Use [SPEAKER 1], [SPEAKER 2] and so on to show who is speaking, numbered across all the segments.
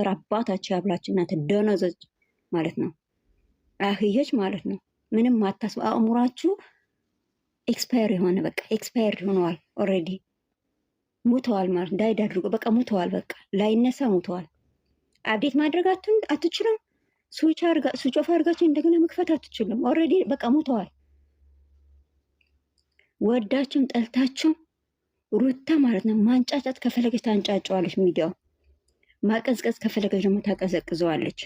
[SPEAKER 1] አፈር አባታቸው ያብላችሁ እናንተ ደነዘች ማለት ነው፣ አህየች ማለት ነው። ምንም አታስብ። አእምሯችሁ ኤክስፓየር የሆነ በቃ ኤክስፓየር ሆነዋል። ኦልሬዲ ሙተዋል ማለት እንዳይዳድርጉ በቃ ሙተዋል። በቃ ላይነሳ ሙተዋል። አብዴት ማድረግ አትችሉም። ስዊች ኦፍ አድርጋችሁ እንደገና መክፈት አትችሉም። ኦልሬዲ በቃ ሙተዋል። ወዳችሁም ጠልታችሁም ሩታ ማለት ነው ማንጫጫት ከፈለገች ታንጫጫዋለች ሚዲያው ማቀዝቀዝ ከፈለገች ደግሞ ታቀዘቅዘዋለች።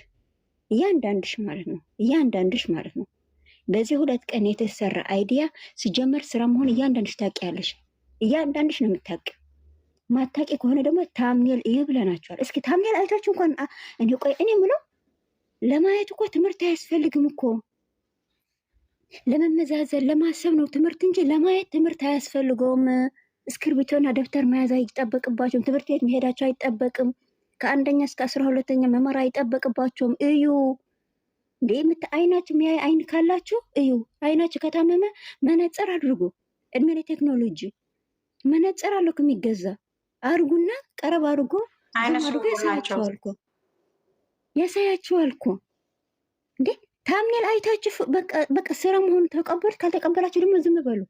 [SPEAKER 1] እያንዳንድሽ ማለት ነው፣ እያንዳንድሽ ማለት ነው። በዚህ ሁለት ቀን የተሰራ አይዲያ ሲጀመር ስራ መሆን እያንዳንድሽ ታውቂያለሽ። እያንዳንድሽ ነው የምታውቂው። ማታውቂ ከሆነ ደግሞ ታምኔል እዩ ብለናቸዋል። እስኪ ታምኔል አይታችሁ እንኳን እኔ ቆይ እኔ ምለው ለማየት እኮ ትምህርት አያስፈልግም እኮ ለመመዛዘን ለማሰብ ነው ትምህርት እንጂ ለማየት ትምህርት አያስፈልገውም። እስክርቢቶና ደብተር መያዝ አይጠበቅባቸውም። ትምህርት ቤት መሄዳቸው አይጠበቅም። ከአንደኛ እስከ አስራ ሁለተኛ መማር አይጠበቅባቸውም። እዩ እንዴ ምት አይናችሁ ሚያይ አይን ካላችሁ እዩ። አይናችሁ ከታመመ መነጽር አድርጉ። እድሜ ቴክኖሎጂ መነጽር አለኩ የሚገዛ አርጉና ቀረብ አድርጎ አድርጎ ያሳያችኋል እኮ ያሳያችኋል እኮ እንዴ ታምኔል አይታችሁ በቃ ስራ መሆኑ ተቀበሉት። ካልተቀበላችሁ ደግሞ ዝም በሉ።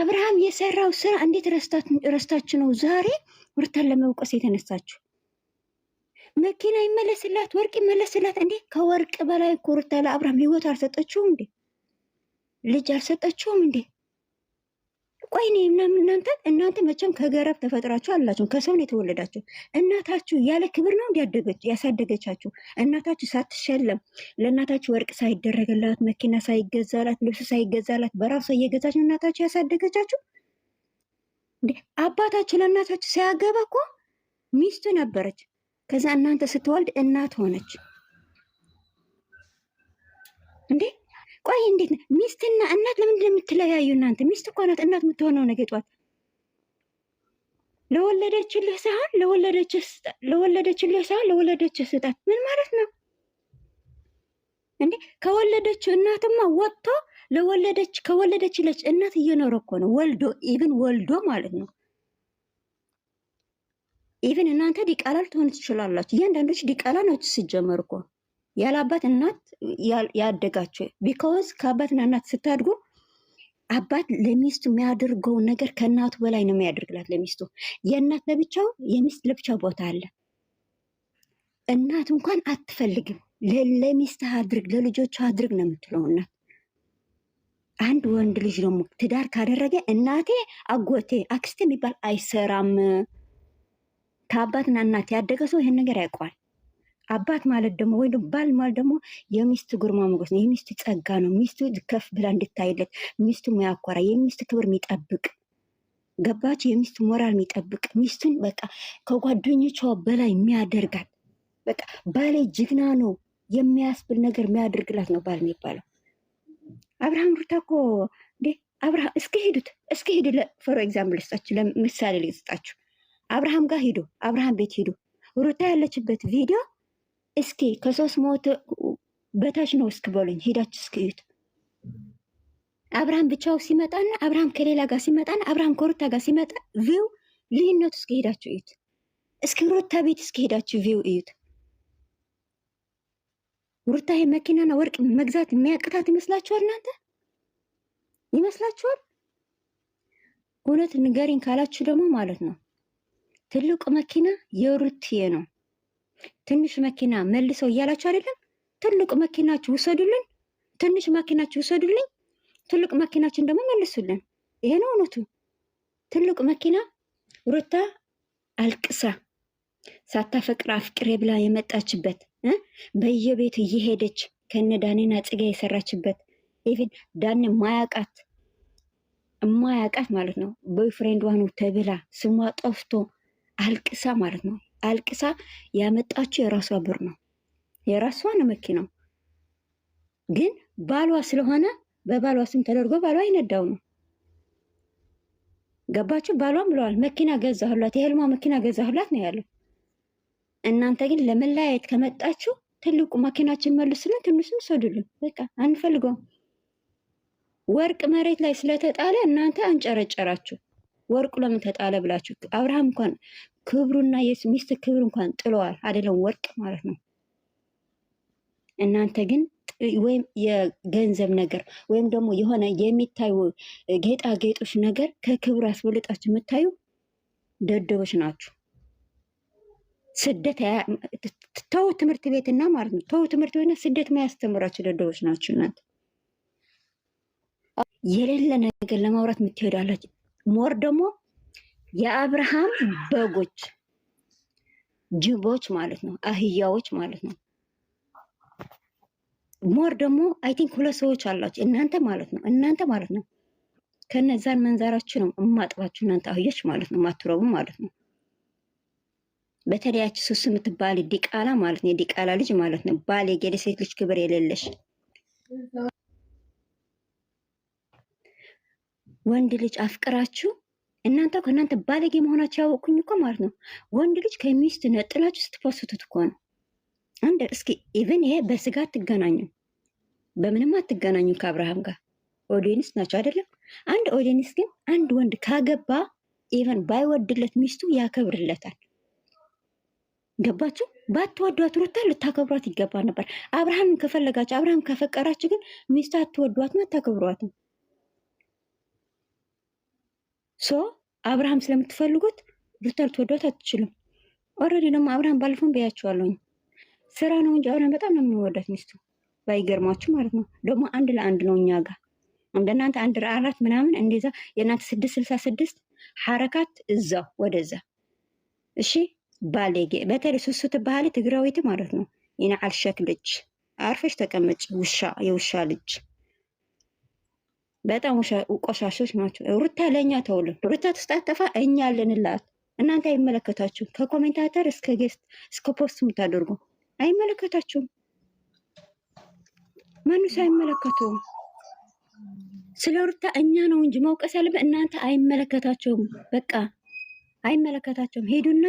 [SPEAKER 1] አብርሃም የሰራው ስራ እንዴት ረስታችሁ ነው ዛሬ ሩታን ለመውቀስ የተነሳችሁ? መኪና ይመለስላት፣ ወርቅ ይመለስላት። እንዴ ከወርቅ በላይ እኮ ሩታ ለአብርሃም ህይወት አልሰጠችውም እንዴ? ልጅ አልሰጠችውም እንዴ? ቆይ እኔ ምናምን እናንተ እናንተ መቼም ከገረብ ተፈጥራችሁ አላችሁ ከሰው ነው የተወለዳችሁ። እናታችሁ ያለ ክብር ነው እንዲያደገች ያሳደገቻችሁ። እናታችሁ ሳትሸለም ለእናታችሁ ወርቅ ሳይደረግላት መኪና ሳይገዛላት ልብስ ሳይገዛላት በራሷ እየገዛች ነው እናታችሁ ያሳደገቻችሁ። አባታችሁ ለእናታችሁ ሳያገባ እኮ ሚስቱ ነበረች። ከዛ እናንተ ስትወልድ እናት ሆነች እንዴ ቆይ እንዴት ሚስትና እናት ለምንድን ነው የምትለያዩ? እናንተ ሚስት እኮ ናት እናት የምትሆነው ነገ ጧት ለወለደችልህ ሳይሆን ለወለደችልህ ሳይሆን ለወለደችህ ስጣት። ምን ማለት ነው እንዴ? ከወለደችው እናትማ ወጥቶ ለወለደች ከወለደችለች እናት እየኖረ እኮ ነው ወልዶ ኢቭን ወልዶ ማለት ነው። ኢቭን እናንተ ዲቃላ ልትሆኑ ትችላላችሁ። እያንዳንዶች ዲቃላ ናችሁ ሲጀመር እኮ ያለ አባት እናት ያደጋችሁ ቢካዝ ከአባትና እናት ስታድጉ አባት ለሚስቱ የሚያደርገው ነገር ከእናቱ በላይ ነው የሚያደርግላት። ለሚስቱ የእናት ለብቻው የሚስት ለብቻው ቦታ አለ። እናት እንኳን አትፈልግም። ለሚስት አድርግ፣ ለልጆች አድርግ ነው የምትለው እናት። አንድ ወንድ ልጅ ደግሞ ትዳር ካደረገ እናቴ፣ አጎቴ፣ አክስቴ የሚባል አይሰራም። ከአባትና እናት ያደገ ሰው ይህን ነገር ያውቀዋል። አባት ማለት ደግሞ ወይ ባል ማለት ደግሞ የሚስቱ ግርማ ሞገስ ነው። የሚስቱ ጸጋ ነው። ሚስቱ ከፍ ብላ እንድታይለት፣ ሚስቱ ሚያኮራ የሚስቱ ክብር የሚጠብቅ ገባች። የሚስቱ ሞራል የሚጠብቅ ሚስቱን በቃ ከጓደኞቿ በላይ የሚያደርጋት በቃ ባሌ ጅግና ነው የሚያስብል ነገር የሚያደርግላት ነው ባል የሚባለው። አብርሃም ሩታ እኮ እንዴ አብርሃም እስከ ሄዱት እስከ ሄዱ ለፎር ኤግዛምፕል ልስጣችሁ፣ ለምሳሌ ልስጣችሁ። አብርሃም ጋር ሂዶ አብርሃም ቤት ሂዱ ሩታ ያለችበት ቪዲዮ እስኪ ከሶስት መቶ በታች ነው እስክ በሉኝ፣ ሂዳችሁ እስክዩት። አብርሃም ብቻው ሲመጣና አብርሃም ከሌላ ጋር ሲመጣና አብርሃም ከሩታ ጋር ሲመጣ ቪው ልዩነቱ እስኪ ሄዳችሁ እዩት። እስኪ ሩታ ቤት እስኪ ሄዳችሁ ቪው እዩት። ሩታ ይሄ መኪናና ወርቅ መግዛት የሚያቅታት ይመስላችኋል? እናንተ ይመስላችኋል? እውነት ንገሪን ካላችሁ ደግሞ ማለት ነው ትልቁ መኪና የሩትዬ ነው። ትንሽ መኪና መልሰው እያላችሁ አይደለም። ትልቅ መኪናችሁ ውሰዱልን፣ ትንሽ መኪናችሁ ውሰዱልኝ፣ ትልቅ መኪናችን ደግሞ መልሱልን። ይሄ ነው እውነቱ። ትልቅ መኪና ሩታ አልቅሳ ሳታፈቅር አፍቅሬ ብላ የመጣችበት በየቤቱ እየሄደች ከነ ዳኔና ጽጌ የሰራችበት ኢቨን ዳኔ ማያቃት ማያቃት ማለት ነው ቦይፍሬንድ ዋኑ ተብላ ስሟ ጠፍቶ አልቅሳ ማለት ነው። አልቅሳ ያመጣችው የራሷ ብር ነው፣ የራሷ ነው መኪናው። ግን ባሏ ስለሆነ በባሏ ስም ተደርጎ ባሏ ይነዳው ነው። ገባችሁ? ባሏም ብለዋል መኪና ገዛሁላት፣ የህልሟ መኪና ገዛሁላት ነው ያለው። እናንተ ግን ለመለያየት ከመጣችሁ ትልቁ መኪናችን መልሱልን፣ ትንሹን ሰዱልን፣ በቃ አንፈልገውም። ወርቅ መሬት ላይ ስለተጣለ እናንተ አንጨረጨራችሁ። ወርቁ ለምን ተጣለ ብላችሁ አብርሃም እንኳን ክብሩና የሚስት ክብር እንኳን ጥለዋል አይደለም ወርቅ ማለት ነው። እናንተ ግን ወይም የገንዘብ ነገር ወይም ደግሞ የሆነ የሚታዩ ጌጣጌጦች ነገር ከክብር አስበልጣችሁ የምታዩ ደደቦች ናችሁ። ስደት ተው ትምህርት ቤትና ማለት ነው ተው ትምህርት ቤትና ስደት ማያስተምራችሁ ደደቦች ናችሁ እናንተ የሌለ ነገር ለማውራት የምትሄዳላችሁ ሞር ደግሞ የአብርሃም በጎች ጅቦች ማለት ነው፣ አህያዎች ማለት ነው። ሞር ደግሞ አይ ቲንክ ሁለት ሰዎች አላችሁ እናንተ ማለት ነው፣ እናንተ ማለት ነው። ከነዛን መንዛራችሁ ነው እማጥባችሁ እናንተ አህዮች ማለት ነው፣ ማትረቡ ማለት ነው። በተለያች ሱስ የምትባል ዲቃላ ማለት ነው፣ የዲቃላ ልጅ ማለት ነው። ባል የገሌ ሴት ልጅ ክብር የሌለሽ ወንድ ልጅ አፍቅራችሁ እናንተ ከእናንተ ባለጌ መሆናቸው ያወቅኩኝ እኮ ማለት ነው። ወንድ ልጅ ከሚስት ነጥላችሁ ስትፖስቱት እኮ ነው። አንድ እስኪ ኢቨን ይሄ በስጋ አትገናኙ፣ በምንም አትገናኙ ከአብርሃም ጋር ኦዲየንስ ናቸው አይደለም። አንድ ኦዲየንስ ግን አንድ ወንድ ካገባ ኢቨን ባይወድለት ሚስቱ ያከብርለታል። ገባችሁ? ባትወዷት ሩታ ልታከብሯት ይገባ ነበር። አብርሃም ከፈለጋችሁ፣ አብርሃም ከፈቀራችሁ ግን ሚስቱ አትወዷትም አታከብሯትም። ሶ አብርሃም ስለምትፈልጉት ሩታ ልትወዷት አትችሉም። ኦልሬዲ ደግሞ አብርሃም ባለፈውን ብያቸዋለሁኝ ስራ ነው እንጂ አብርሃም በጣም ነው የሚወዳት ሚስቱ፣ ባይገርማችሁ ማለት ነው። ደግሞ አንድ ለአንድ ነው እኛ ጋር እንደናንተ አንድ አራት ምናምን እንደዛ የእናንተ ስድስት ስልሳ ስድስት ሐረካት እዛው ወደዛ። እሺ ባሌጌ፣ በተለይ ሱሱ ትባሃሊ ትግራዊት ማለት ነው። ይንዓልሸት ልጅ አርፈሽ ተቀመጭ፣ ውሻ የውሻ ልጅ በጣም ቆሻሾች ናቸው። ሩታ ለእኛ ተውልን። ሩታ ትስጣጠፋ እኛ አለንላት። እናንተ አይመለከታችሁም። ከኮሜንታተር እስከ ጌስት እስከ ፖስት የምታደርጉ አይመለከታችሁም። ማንስ አይመለከተውም። ስለ ሩታ እኛ ነው እንጂ መውቀስ ያለብን እናንተ አይመለከታቸውም። በቃ አይመለከታቸውም። ሄዱና